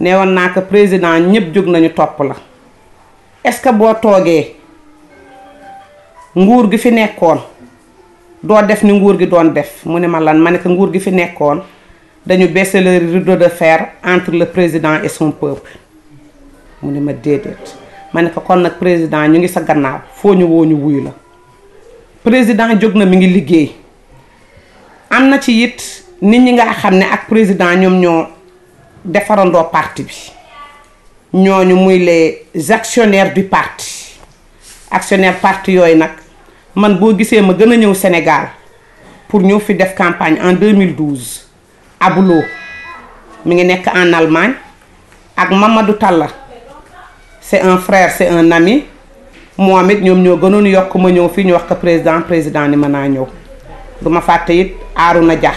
neewoon naa ko président ñëpp jóg nañu topp la est-ce que boo toogee nguur gi fi nekkoon doo def ni nguur gi doon def mu ne ma lan ma ne ko nguur gi fi nekkoon dañu baisser le rideau de fer entre le président et son peuple mu ne ma déedéet ma ne ko kon nag président ñu ngi sa gannaaw foo ñu woo ñu wuyu la président jóg na mi ngi liggéey am na ci it nit ñi nga xam ne ak président ñoom ñoo defarandoo parti bi ñooñu muy les actionnaires du parti actionnaire parti yooyu nag man boo gisee ma gën a ñëw Sénégal pour ñëw fi def campagne en 2012 Aboulo mi ngi nekk en Allemagne ak Mamadou Talla c'est un frère c'est un ami moom it ñoom ñoo gënoon yokk ma ñëw fii ñu wax ko président président ni mën naa ñëw du ma fàtte it na Dia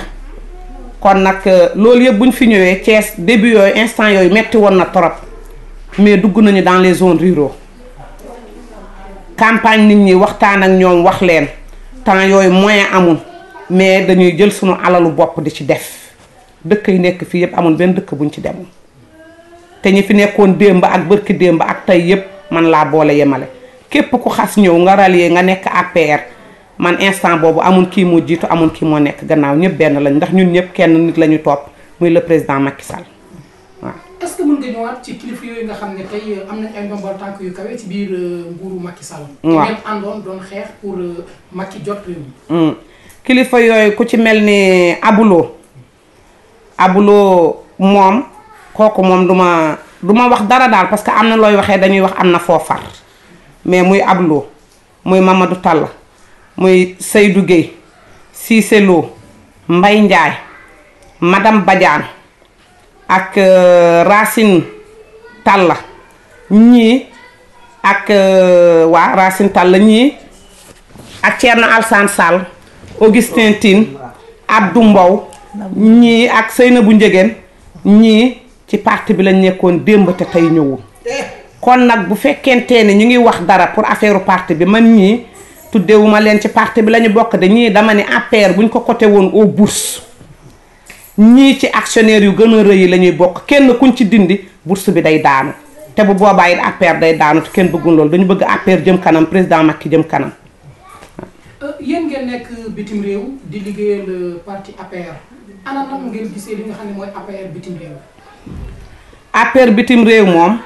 kon nag euh, loolu yëpp bu ñu fi ñëwee Thiès début yooyu instant yooyu metti woon na trop mais dugg nañu dans les zones ruraux campagne nit ñi waxtaan ak ñoom wax leen temps yooyu moyen amul mais dañuy jël sunu alalu bopp di ci def dëkk yi nekk fii yëpp amul benn dëkk buñ ci demul te ñi fi nekkoon démb ak bërki démb ak tey yëpp man laa boole yemale képp ku xas ñëw nga rallier nga nekk APR. man instant boobu amul kii moo jiitu amul kii moo nekk gannaaw ñëpp benn lañ ndax ñun ñëpp kenn nit la ñu topp muy le président Macky Sall waaw. est-ce que nga ñëwaat ci am nañ ci biir euh, nguuru Macky Sall. waaw doon xeex pour euh, Macky jot hmm. kilifa yooyu ku ci mel ni abuloo abuloo moom kooku moom du ma du ma wax dara daal parce que am na looy waxee dañuy wax am na foofar mais muy Aboulo muy Mamadou tàll muy Seydou Guèye Cissé Lo Mbay Ndiaye madame Badiane ak euh, Racine la ñii ak euh, waa Racine la ñii ak Thierno Alsane Sall Augustin Tine Abdou Mbow ñii ak bu Ndiégène ñii ci parti bi lañ nekkoon démb te tey ñëwul eh. kon nag bu fekkentee ne ñu ngi wax dara pour affaire parti bi man ñii tuddewuma leen ci parti bi la ñu bokk de ñii dama ne APR buñ ko coté woon au bourse ñii ci actionnaire yu gën a rëy la ñuy bokk kenn kuñ ci dindi bourse bi day daanu te bu boobaa it APR day daanu te kenn bëggul loolu dañu bëgg APR jëm kanam président ki jëm kanam. Euh, yéen ngeen bitim réew di liggéeyal euh, parti APR ana bitim réew. moom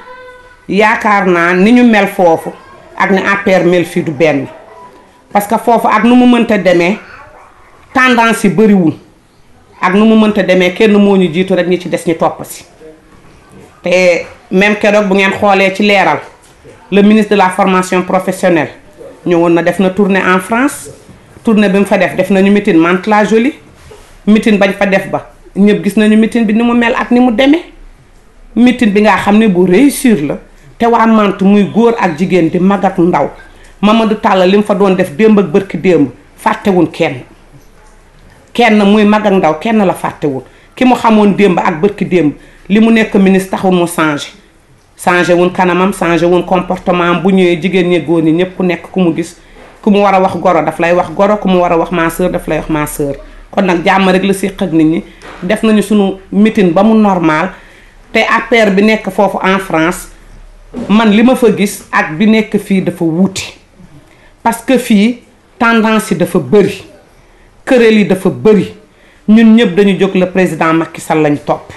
yaakaar naa ni ñu mel foofu ak ni APR mel fii du benn. parce que foofu ak nu mu mënta demee tendance yi bëriwul ak nu mu mënta demee kenn moo ñu jiitu rek ñu ci des ñu topp si te même keroog bu ngeen xoolee ci leeral le ministre de la formation professionnelle ñëwoon na def na tournée en France tournée bi mu fa def def nañu meeting Mantes-la-Jolie meeting bañ fa def ba ñëpp gis nañu meeting bi ni mu mel ak ni mu demee meeting bi nga xam ne bu réussir la te waa Mantes muy góor ak jigéen di mag ndaw ma Mamadou Talla li mu fa doon def démb ak bërki démb fàttewul kenn kenn muy mag ak ndaw kenn la fàttewul ki mu xamoon démb ak bërki démb li mu nekk ministre taxul mu changé changé wun kanamam changé wun comportement bu ñëwee jigéen ñi góor ñi ñëpp ku nekk ku mu gis ku mu war a wax goro daf lay wax goro ku mu war a wax ma daf lay wax ma kon nag jàmm rek la séq ak nit ñi def nañu suñu meeting ba mu normal te APR bi nekk foofu en France man li ma fa gis ak bi nekk fii dafa wuute parce que fii tendance yi dafa bëri këréel yi dafa bëri ñun ñëpp dañu jóg la président Macky Sall lañ topp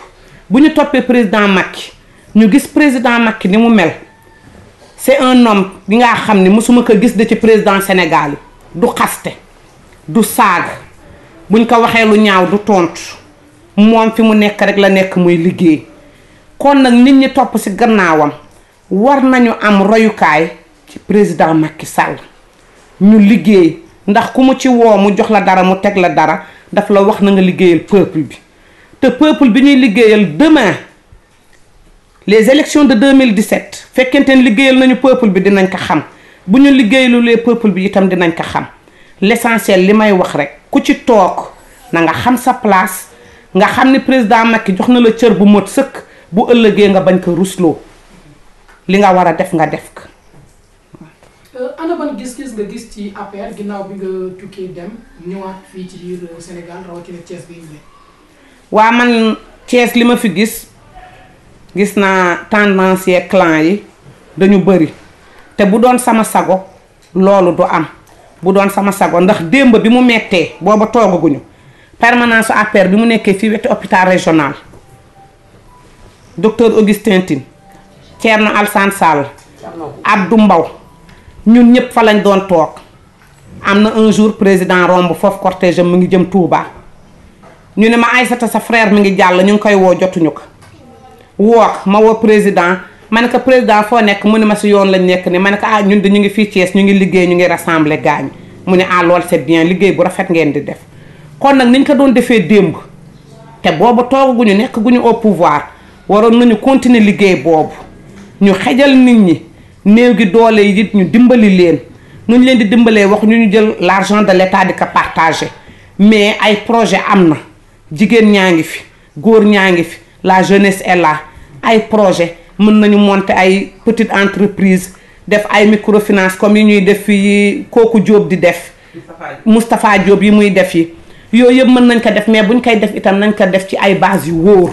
bu ñu toppee président Macky ñu gis président Macky ni mu mel c'est un homme bi nga xam ni mosuma ko gis da ci président Sénégal yi du xaste du saaga buñ ko waxee lu ñaaw du tontu moom fi mu nekk rek la nekk muy liggéey kon nag nit ñi topp ci gannaawam war nañu am royukaay ci président Macky Sall ñu liggéey ndax ku mu ci woo mu jox la dara mu teg la dara daf la wax na nga liggéeyal peuple bi te peuple bi ñuy liggéeyal demain les élections de 2017 fekkente ne liggéeyal nañu peuple bi dinañ ko xam bu ñu liggéeyalulee peuple bi itam dinañ ko xam l'essentiel li may wax rek ku ci toog na nga xam sa place nga xam ni président Macky jox na la cër bu mot sëkk bu ëllëgee nga bañ ko rusloo li nga war a def nga def ko ana ban gis-gis nga gis ci affaire ginnaw bi nga tukkee dem ñëwaat fii ci biir euh, Sénégal raw rawatina Thiès bi ñu waa man Thiès li ma fi gis gis naa tendance yeeg clan yi dañu bëri te bu doon sama sago loolu du am bu doon sama sago ndax démb bi mu mettee booba toogaguñu permanence affaire bi mu nekkee fii wetu hôpital régional docteur Augustin Tine Thierno alsan Sall Abdou Mbaw ñun ñëpp fa lañ doon toog am na un jour président romb foofu cortège mu ngi jëm Touba ñu ne ma Aïssata sa frère mi ngi jàll ñu ngi koy woo jotuñu ko wook ma woo président ma ne ko président foo nekk mu ne ma si yoon lañ nekk ni ma ne ko ah ñun de ñu ngi fii Thiès ñu ngi liggéey ñu ngi rassemblé gaañ mu ne ah lool c'est bien liggéey bu rafet ngeen di def kon nag niñ ko doon defee démb te boobu toogaguñu nekk guñu au pouvoir waroon nañu continuer liggéey boobu ñu xejal nit ñi néew gi doole yi it ñu dimbali leen nu ñu leen di dimbalee wax ñu ñu jël l'argent de l'état di ko partagé mais ay projet am na jigéen ñaa ngi fi góor ñaa ngi fi la jeunesse est la ay projet mën nañu monter ay petite entreprise def ay microfinance comme yi ñuy def fii kooku Diop di def Moustapha Diop yi muy def yi yooyu yëpp mën nañ ko def mais bu buñ koy def itam nañ ko def ci ay base yu wóor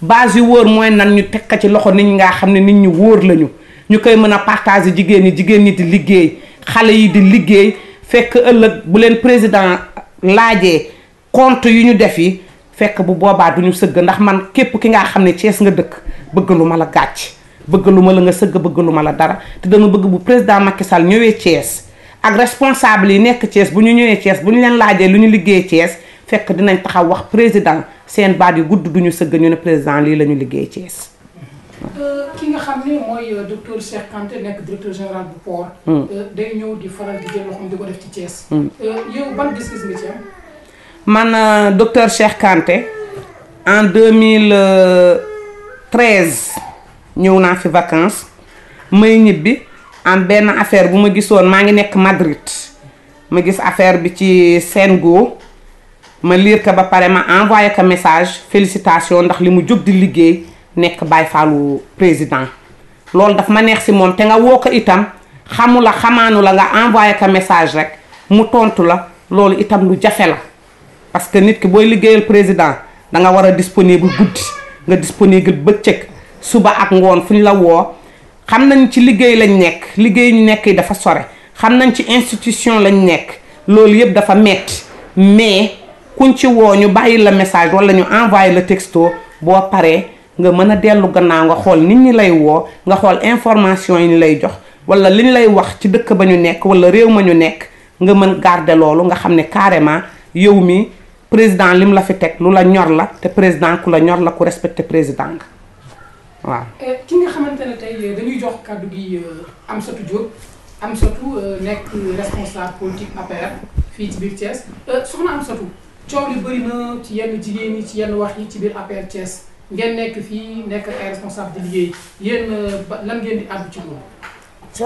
base yu wóor mooy nan ñu teg ko ci loxo nit ñi nga xam ne nit ñu wóor lañu ñu koy mën a partager jigéen ñi jigéen ñi di liggéey xale yi di liggéey fekk ëllëg bu leen président laajee compte yu ñu def yi fekk bu boobaa du ñu sëgg ndax man képp ki nga xam ne Cees nga dëkk bëgg lu ma la gàcc bëgg lu ma la nga sëgg bëgg lu ma la dara te dama bëgg bu président Macky Sall ñëwee Cees ak responsable yi nekk Cees bu ñu ñëwee Cees bu ñu leen laajee lu ñu liggéey Cees fekk dinañ taxaw wax président seen baat yu gudd du ñu sëgg ñu ne président lii la ñu liggéey Cees Euh, ki nga xam ne mooy euh, docteur Cheikh Kanté nekk directeur général bu port. Mm. Euh, day ñëw di faral di jël loxoom di ko def ci Thiès. Mm. yow ban gis ñëw naa fi vacance may ñibbi am benn affaire bu ma gisoon maa ngi nekk Madrid ma gis affaire bi ci Sengo ma liir ka ba pare ma envoyé ko message félicitation ndax li mu jóg di liggéey. nekk Baye Fallou président loolu daf ma neex si moom te nga woo ko itam xamu la xamaanu la nga envoyé ko message rek mu tontu la loolu itam lu jafe la parce que nit ki booy liggéeyal président da nga war a disponible guddi nga disponible bëccëg suba ak ngoon fu ñu la woo xam nañ ci liggéey lañ nekk liggéey ñu nekk yi dafa sore xam nañ ci institution lañ nekk loolu yëpp dafa metti mais kuñ ci woo ñu bàyyi la message walla ñu envoyé la texto boo paree nga mën a dellu gannaaw nga xool nit ñi lay woo nga xool information yi ñu lay jox wala li ñu lay wax ci dëkk ba ñu nekk wala réew ma ñu nekk nga mën garder loolu nga xam ne carrément yow mi président lim la fi teg lu la ñor la te président ku la ñor la ku respecté président nga waaw. Eh, ki nga xamante ne tey eh, dañuy jox kàddu gi eh, am Diop Amsatou nekk sa politique APR fii ci biir Thiès soxna Amsatou coow li bëri na ci yenn jigéen ñi ci yenn wax yi ci biir APR Thiès. ngeen nekk fii nekk ay responsable di liggéey yéen euh,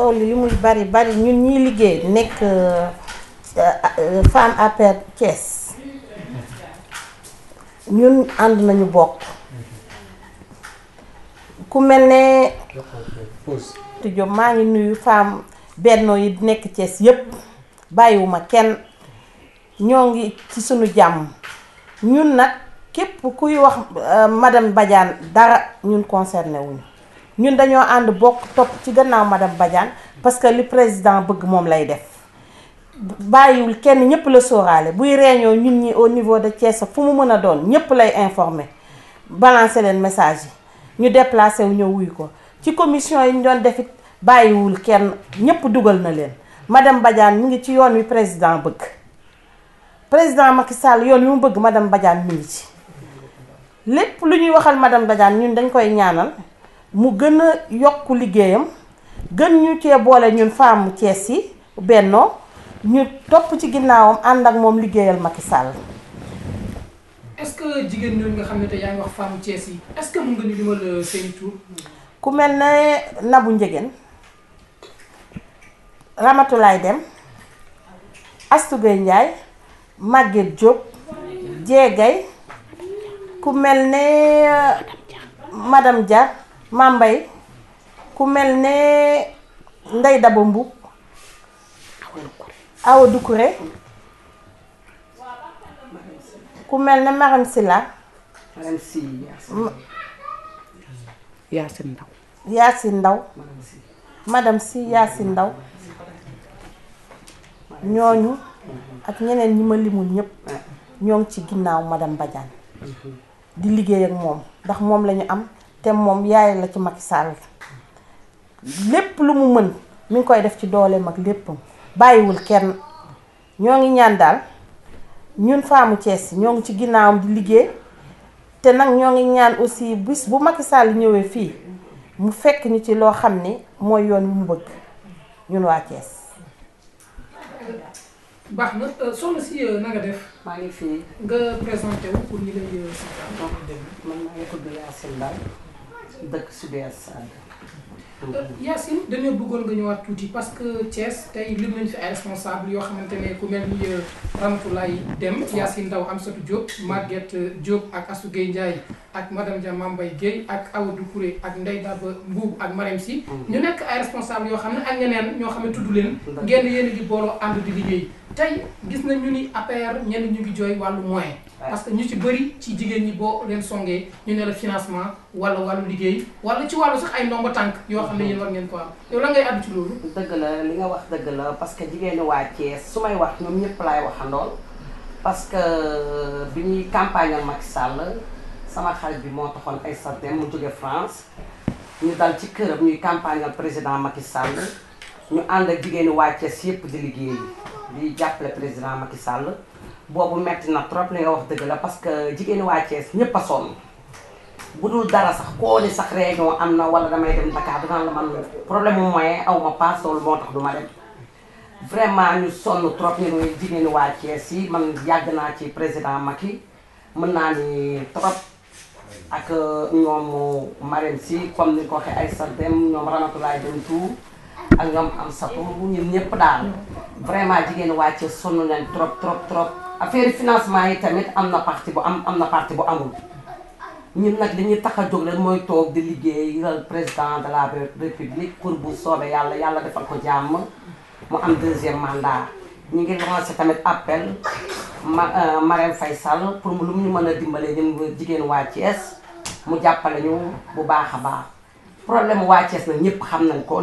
lan li muy bari bari ñun ñuy liggéey nekk euh, euh, femme APR Thiès ñun ànd nañu bokk ku mel ne. Diop maa ngi nuyu femme Benno yi nekk cees yépp bàyyiwuma kenn ñoo ngi ci sunu jàmm ñun nag. képp kuy wax euh, madame Badiane dara ñun concerné wuñu ñun dañoo ànd bokk topp ci gannaaw madame Badiane parce que li président bëgg moom lay def bàyyiwul kenn ñëpp la sóoraale buy reeñoo ñun ñi au niveau de Thiès fu mu mën a doon ñëpp lay informer balancer leen message yi ñu déplacé wu ñëw wuyu ko ci commission yi ñu doon defit bàyyiwul kenn ñëpp dugal na leen madame Badiane mi ngi ci yoon wi président bëgg président Macky Sall yoon wi mu bëgg madam Badiane mi ngi ci. lépp lu ñuy waxal madame Badiane ñun dañ koy ñaanal mu gën a yokk liggéeyam gën ñu cee boole ñun femme Thiès yi bennoo ñu topp ci ginnaawam ànd ak moom liggéeyal Macky Sall. est-ce que jigéen ñooñu nga xam ne te wax femme Thiès yi est-ce que ñu limal euh, seen ku mel ne Nabou Ndiéguène Ramatoulaye Dem Astou njaay Ndiaye Maguette Diop ku mel ne euh, madam Dia Mambay ku mel ne Ndey Daba Mbub Awa Doucouré ku mel ne Maram Sila Yaasin Ndaw Yaasin Ndaw si Ndaw ñooñu ak ñeneen ñi ma limul ñëpp ñoo ci ginnaaw madame Badiane mhm. di liggéey ak moom ndax moom lañu am te moom yaay la ci Macky Sall lépp lu mu mën mi ngi koy def ci dooleem mag léppam bàyyiwul kenn ñoo ngi ñaan daal ñun faamu Thiès ñoo ngi ci ginnaawam di liggéey te nag ñoo ngi ñaan aussi bis bu mag Sall ñëwee fii mu fekk ñu ci loo xam ni mooy yoon wi mu bëgg ñun waa Thiès. baax na soxna si na nga def. maa ngi fi. nga présenté wu pour ñu lay seetaan. donc man maa ngi tudd Yacine Mbaye dëkk Sud-Est Sade. Yacine dañoo bëggoon nga ñëwaat tuuti parce que Thiès tey lim nañ fi ay responsable yoo xamante ne ku mel ni e, Ramatoulaye Deme Yacine Ndaw Amsatou Diop Maguette Diop ak Assou Gueye Ndiaye ak madame Dia Mambay e Gueye ak Awadou Kouré ak Ndeye Daba Mbuub ak Marème Sy mm. ñu nekk ay responsable yoo xam ne ak ñeneen ñoo xam ne tudd leen. ngeen yéen a booloo ànd di liggéey tay gis nañ ñu ni APR ñen ñu ngi joy walu moyen parce que ñu ci bari ci jigéen ñi bo leen songé ñu ne la financement wala walu liggéey wala ci walu sax ay ndomba tank yo xamné ne war ngeen ko am yow la ngay add ci lolu deug la li nga wax deug la parce que jigéeni waa Thiès sumay wax ñom ñepp lay wax andol parce que euh, bi campagne al Macky Sall sama xarit bi mo taxon ay santé mu jóge France ñu dal ci kërëm ñuy campagne al président Macky Sall ñu and ak jigéeni waa ci yépp di liggéey li jàppale président Macky Sall boobu metti na trop li nga wax dëgg la parce que jigéeni waa Thiès ñëpp a sonn bu dul dara sax koo ni sax réunion am na wala damay dem Dakar dinaa la man problème mooy moyen aw ma paas moo tax du ma dem vraiment ñu sonn trop ñu muy jigéeni waa Thiès yi man yàgg naa ci président Macky mën naa ni trop ak euh, ñoom Marème si comme ni ko waxee ay sardem ñoom Ramatoulaye Dem tout ak ñoom am satu ñun ñëpp daal vraiment jigéen waa Thiès sonn nañ trop trop trop affaire financement yi tamit am na parti bu am am na parti bu amul ñun nag li ñuy tax a jóg rek mooy toog di liggéey président de la république pour bu soobee yàlla yàlla defal ko jàmm mu am deuxième mandat ñu ngi lancé tamit appel ma euh, Marème Faye Sall pour mu lu mu ñu man a dimbalee ñun jigéen waa Thiès mu jàppale ñu bu baax a baax problème waa Thiès nag ñëpp xam nañ ko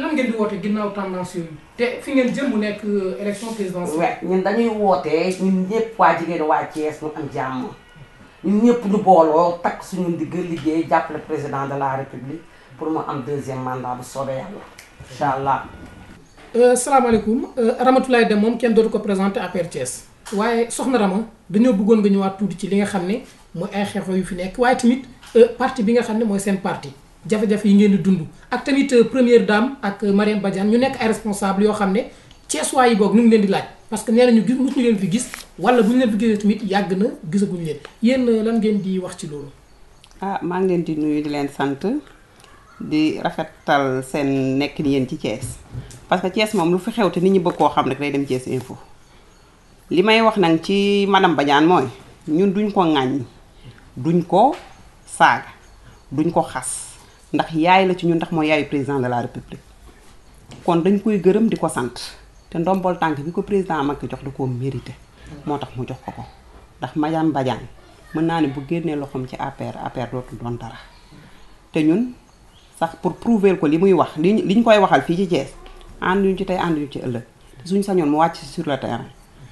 lan ngeen di woote ginnaaw tendance yooyu te fi ngeen jëm mu nekk euh, élection présidentielle. waaw ñun dañuy wootee ñun ñëpp waa jigéen waa Thiès mu am jàmm ñun ñëpp ñu booloo takk suñu ndigg liggéey jàppale président de la république pour mu am deuxième mandat bu soobee yàlla incha allah. Euh, salaamaaleykum euh, Ramatoulaye Deme moom kenn dootu ko présenté APR Thiès waaye soxna Rama dañoo bëggoon nga ñëwaat tuuti ci li nga xam ne mooy ay xeexoo yu fi nekk waaye tamit parti bi nga xam ne mooy seen parti. jafé jafé yi ngeen di dund ak tamit euh, première dame ak euh, Mariam Badiane ñu nekk ay responsable yo xamné ne ceesuwaay bok ñu ngi leen di laaj parce que néna ñu gis ñu leen fi gis wala bu ñu leen fi gisee tamit yag na gisaguñu leen yeen euh, lan ngeen di wax ci loolu ah ma ngi leen di nuyu di leen sant di rafetal seen ni yeen ci Thiès parce que Thiès mom lu fi xew te nit ñi bëgg ko xam rek day dem Thiès info limay wax nag ci madame Badiane moy ñun duñ ko ngañ duñ ko saga duñ ko xass ndax yaay la ci ñun ndax mooy yaayu président de la république kon dañ koy gërëm di ko sant te ndombol tànk bi ko président Macky jox da koo mérité moo tax mu jox ko ko ndax Madiame Badiane mën naa ne bu génnee loxoom ci APR APR dootul doon dara te ñun sax pour prouver ko li muy wax li li ñu koy waxal fii ci Thiès ànduñu ci tey ànduñu ci ëllëg suñ suñu sañoon mu wàcc sur le terrain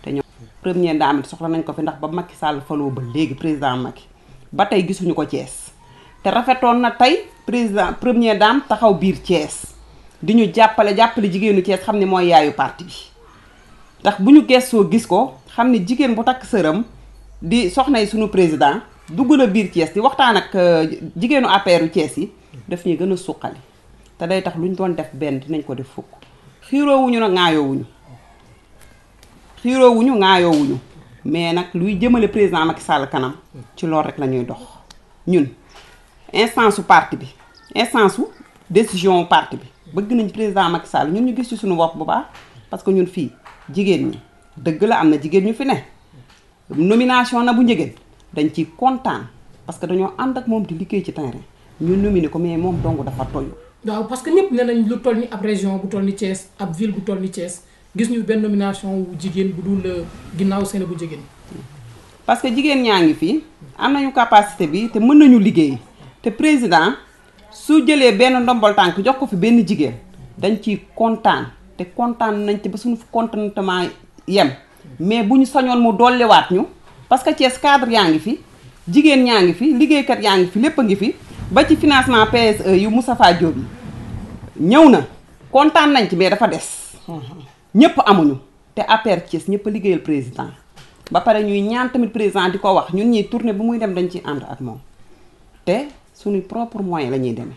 te ñoom première dame soxla nañ ko fi ndax ba Macky Sall faloo ba léegi président Macky ba tey gisuñu ko Thiès te rafetoon na tey président premier dame taxaw biir Thiès di ñu jàppale jàppale jigéenu Thiès xam ni mooy yaayu parti bi ndax bu ñu gëstoo gis ko xam ne jigéen bu takk sëram di soxnay suñu président dugg na biir Thiès di waxtaan ak euh, jigéenu APR Thiès yi daf ñuy gën a suqali te day tax lu ñu doon def benn dinañ ko def fukk xiiroowuñu nag ŋaayoowuñu xiiroowuñu ŋaayoowuñu mais nag luy jëmale président Macky sàll kanam ci loolu rek la ñuy dox instance su parti bi instance su décision parti bi bëgg nañ président Macky Sall ñun ñu gis ci suñu bopp bu baax parce que ñun fii jigéen ñi dëgg la am na jigéen ñu fi ne nomination na bu njëgeen dañ ciy kontaan parce que dañoo ànd ak moom di liggéey ci terrain ñu nominé ko mais moom dong dafa toyu waaw parce que ñëpp ne nañ lu toll ni ab région bu toll ni Thiès ab ville bu toll ni Thiès gis ñu benn nomination wu jigéen bu dul euh, ginnaaw seen bu jigéen parce que jigéen ñaa ngi fii am nañu capacité bi te mën nañu liggéey te président su jëlee benn ndombol tànk jox ko fi benn jigéen dañ ci kontaan te kontaan nañ ci ba suñu contentement yem mais bu ñu sañoon mu dolliwaat ñu parce que Thiès cadre yaa ngi fi jigéen ñaa ngi fi liggéeykat yaa ngi fi lépp a ngi fi ba ci financement PSE yu Moustapha Diop yi ñëw na kontaan nañ ci mais dafa des ñëpp amuñu te APR Thiès ñëpp a liggéeyal président ba pare ñuy ñaan tamit président di ko wax ñun ñuy tournée bu muy dem dañ ciy ànd ak moom suñu propre moyen lañuy démé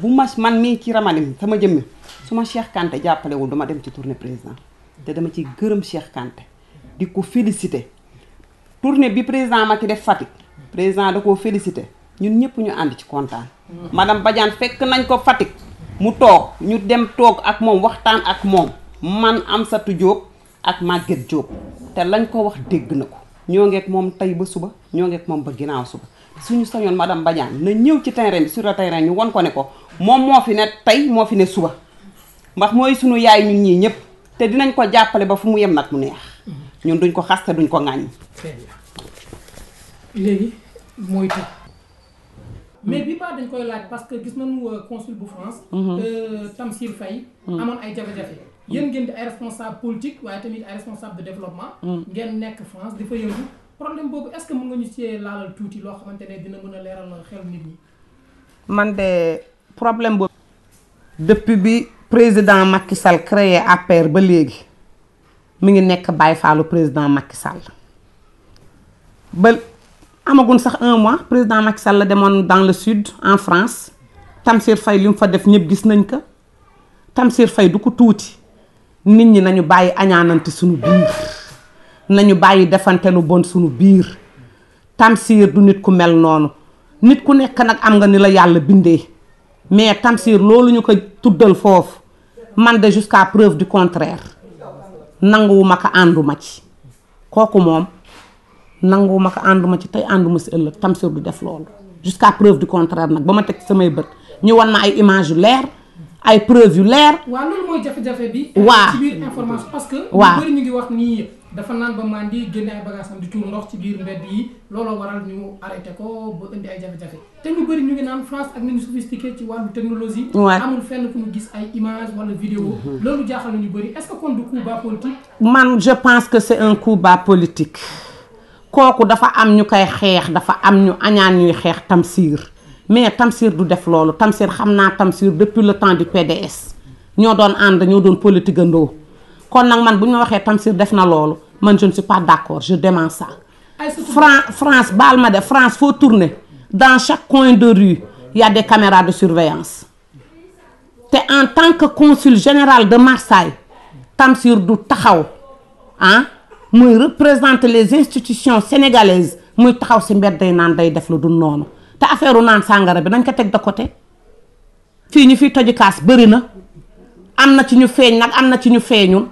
bu mas man mi ci ramanim sama jëmm suma Cheikh Kanté wul duma dem ci tourner président té dama ci gëreum Cheikh Kanté di félicité tourner bi président ki def fatik président da koo félicité ñun ñëpp ñu and ci kontaan madame Badiane fekk nañ ko fatik mu tok ñu dem tok ak mom waxtaan ak mom man Amsatou Diop ak Maguette job té lañ ko wax dégg nako ko ñoo ngeek moom tey ba suba ñoo mom ba ginaaw suba suñu soñon madame Badiane na ñew ci terrain sur le terrain ñu won ko ne ko mom mo fi ne tay mo fi ne suba mbax moy suñu yaay ñun ñi ñep te dinañ ko jappalé ba fu mu yem nak mu neex ñun duñ ko xaste duñ ko ngañ légui moy tu mais bi baa dañ koy laaj parce que gis nañu euh, consul bu France mhm. euh, Tamsir fay mhm. amon ay jafé jafé yeen ngeen di ay responsable politique waye tamit ay responsable de développement mhm. ngeen nek France di fa yëngu problème boobu est-ce que mën nga ñu cee laalal tuuti loo xamante ne dina mën a leeral xel nit man de problème boobu. depuis bi président Macky Sall créé APR ba léegi mu ngi nekk bàyyi Fallou président Macky Sall ba amagun sax un mois président Macky Sall la demoon dans le sud en France Tamsir fay li mu fa def ñëpp gis nañ ko Tamsir fay du ko tuuti nit ñi nañu bàyyi añaanante suñu biir. nañu bàyyi defante lu bon suñu biir Tamsir du nit ku mel noonu nit ku nekk nag am nga ni la yàlla bindee mais Tamsir loolu ñu ko tuddal foofu man de jusqu'à preuve du contraire nanguwuma ko ànduma ci kooku moom nanguwuma ko ànduma ci tey ànduma si ëllëg Tamsir du def loolu jusqu'à preuve du contraire nag ba ma teg samay bët ñu wan ma ay image yu leer ay preuve yu leer. waaw loolu dafa naan ba mandi génne ay bagages am di tuur ndox ci biir mbedd yi looloo waral ñu arrêté ko ba indi ay jafe-jafe te ñu bëri ñu ngi naan France ak ni ñu sophistiqué ci wàllu technologie. amul fenn ku ñu gis ay image wala vidéo mm-hmm. loolu jaaxal na ñu bëri est-ce que kon du coup bas politique. man je pense que c'est un coup bas politique kooku dafa am ñu koy xeex dafa am ñu añaan ñuy xeex Tamsir mais Tamsir du def loolu Tamsir xam naa Tamsir depuis le temps du PDS ñoo doon ànd ñoo doon politique andoo kon nag man bu ñu Tamsir def na loolu man je ne suis pas d'accord je demande ça. France France baal de France faut tourner dans chaque coin de rue il y a des caméras de surveillance te en tant que consul général de Marseille Tamsir du taxaw hein? Ah, muy représenter les institutions sénégalaises muy taxaw c'est mbedd day naan day def lu du noonu te affaire u naan bi nañ ko teg de côté fii ñu fiy tojukaas bëri na am na ci ñu feeñ nag am na ci ñu feeñul.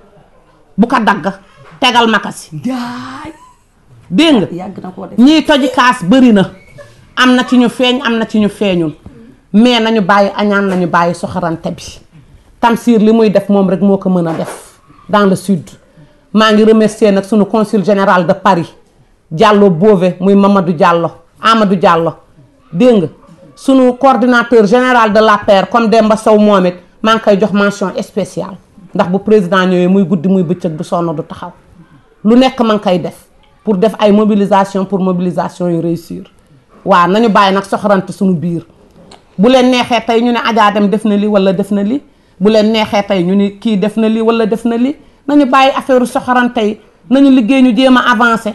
bu ko dagg tegal makasi dégg nga ñiy toji kaas bëri na am na ci ñu feeñ am na ci ñu feeñul mais nañu bàyyi añaan nañu bàyyi soxorante bi Tamsir li muy def moom rek moo ko mën a def dans le sud maa ngi remercier nag sunu consul général de Paris Diallo Bové muy Mamadou jàllo Amadou Diallo dégg nga sunu cordinateur général de la l'APR comme Demba Sow moom it maa ngi koy jox mention spéciale ndax bu président ñëwee muy guddi muy bëccëg du sonn du taxaw lu nekk ma ngi koy def pour def ay mobilisation pour mobilisation yu réussir waaw nañu bàyyi nag soxorante suñu biir bu leen neexee tey ñu ne Adja Deme def na li wala def na li bu leen neexee tey ñu ni kii def na li wala def na li nañu bàyyi affaire soxorante yi nañu liggéey ñu jéem a avancé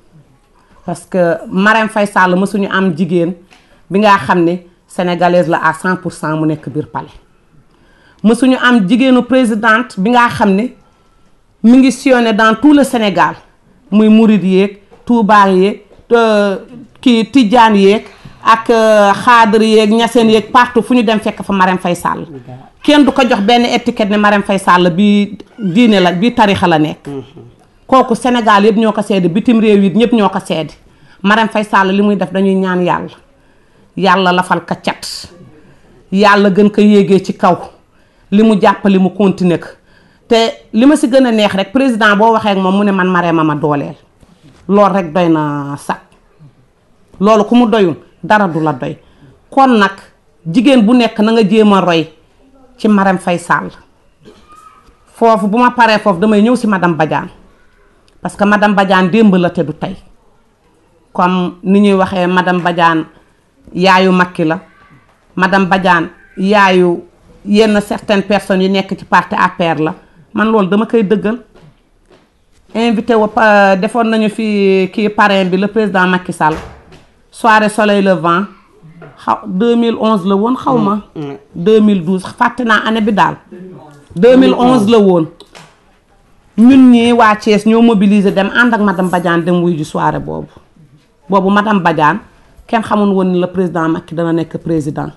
parce que Marème Faye Sall mësuñu am jigéen bi nga xam ne sénégalaise la à cent pour cent mu nekk biir palais mësuñu am jigéenu présidente bi nga xam ne mi ngi sillonné dans tous le Sénégal muy murid yeeg Touba yeeg kii Tijaan yeeg ak xaadir euh, yeeg ñaseen yeeg partout fu ñu dem fekk fu Marème fay Sall kenn du ko jox benn étiquette ne Marème Faye Sall bi diine la bi tarixa la nekk mm-hmm. kooku Sénégal yëpp ñoo ko seede bitim réew yi ñëpp ñoo ko seede Marème fay sàll li muy def dañuy ñaan yàlla yàlla lafal ka cat yàlla gën ko yéegee ci kaw li mu jàpp li mu continué ko te li ma si gën a neex rek président boo waxee moom mu ne man Marème ma ma dooleel loolu rek doy na sax loolu ku mu doyul dara du la doy kon nag jigéen bu nekk na nga jéem a roy ci Marème fay Sall foofu bu ma paree foofu damay ñëw si madame Badiane parce que madame Badiane démb la te du tey comme ni ñuy waxee madam Badiane yaayu Macky la madam Badiane yaayu yenn certaines personnes yi nekk ci parti APR la man loolu dama koy dëggal invité wa euh, defoon nañu fi kii parrain bi le président Macky Sall soirée soleil levant xaw mille 2011 la woon xaw ma mm, mm. mille 2012 fàtte naa année bi daal 2011 la woon ñun ñi wa ties ñoo mobiliser dem and ak madame badian dem wuy ju soirée madam bobu madame badian kenn xamone won le la président madam dana nek président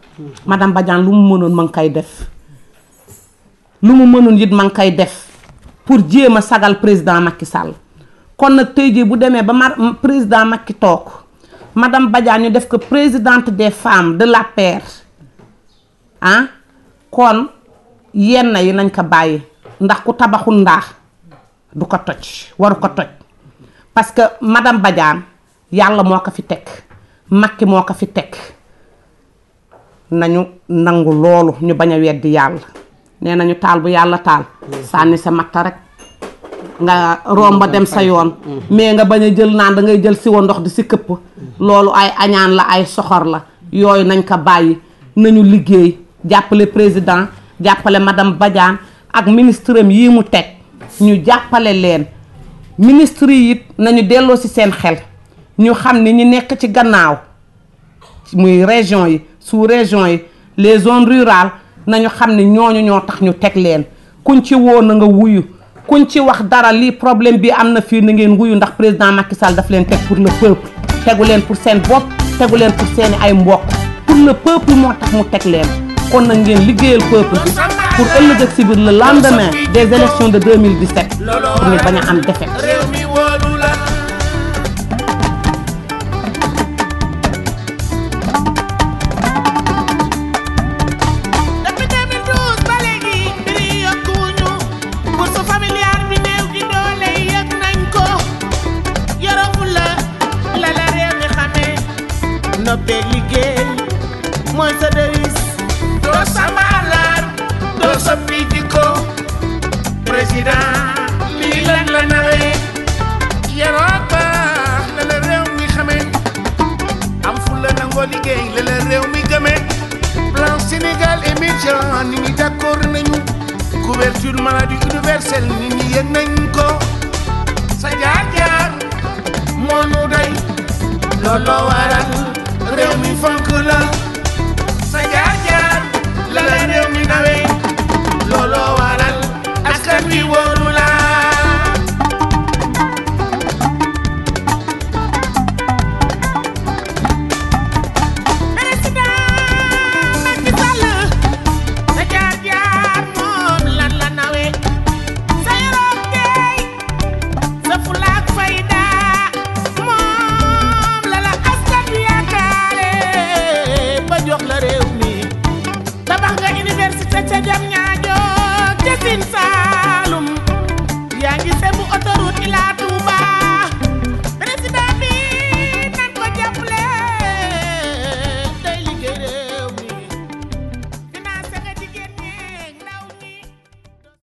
madame badian lu mu mënoon mang kay def lu mu mënoon yit mang kay def pour djema sagal président Sall kon nak tey jii bu démé ba président Macky tok madame badian ñu def ko présidente des femmes de la paix ah kon yenn yi nañ ko bàyyi ndax ku tabaxul ndax du ko toj waru ko toj parce que madame badiane yalla moko fi tek makki moko fi tek nañu nangu lolu ñu baña wedd yalla yàlla nañu bu yalla tal sanni sa matta rek nga romba dem sa yoon mais nga baña jël naan da ngay jël siwo ndox di si kepp lolu ay añaan la ay soxor la yoy nañ ka bayyi nañu liggéey jàppale président jàppale madame badiane ak ministre yi mu tek ñu jàppale leen ministre yit nañu delloo ci seen xel ñu xam ni ñu nekk ci gannaaw muy région yi sous région yi les zones rural nañu xam ni ñooñu ñoo tax ñu teg leen kuñ ci woo na nga wuyu kuñ ci wax dara lii problème bi am na fii na ngeen wuyu ndax président Macky Sall daf leen teg pour le peuple tegu leen pour seen bopp tegu leen pour seeni ay mbokk pour le peuple moo tax mu teg leen kon na ngeen liggéeyal peuple bi pour ëllëg ak si biir le lendemain des élections de 2017 pour ñu bañ a am défaite.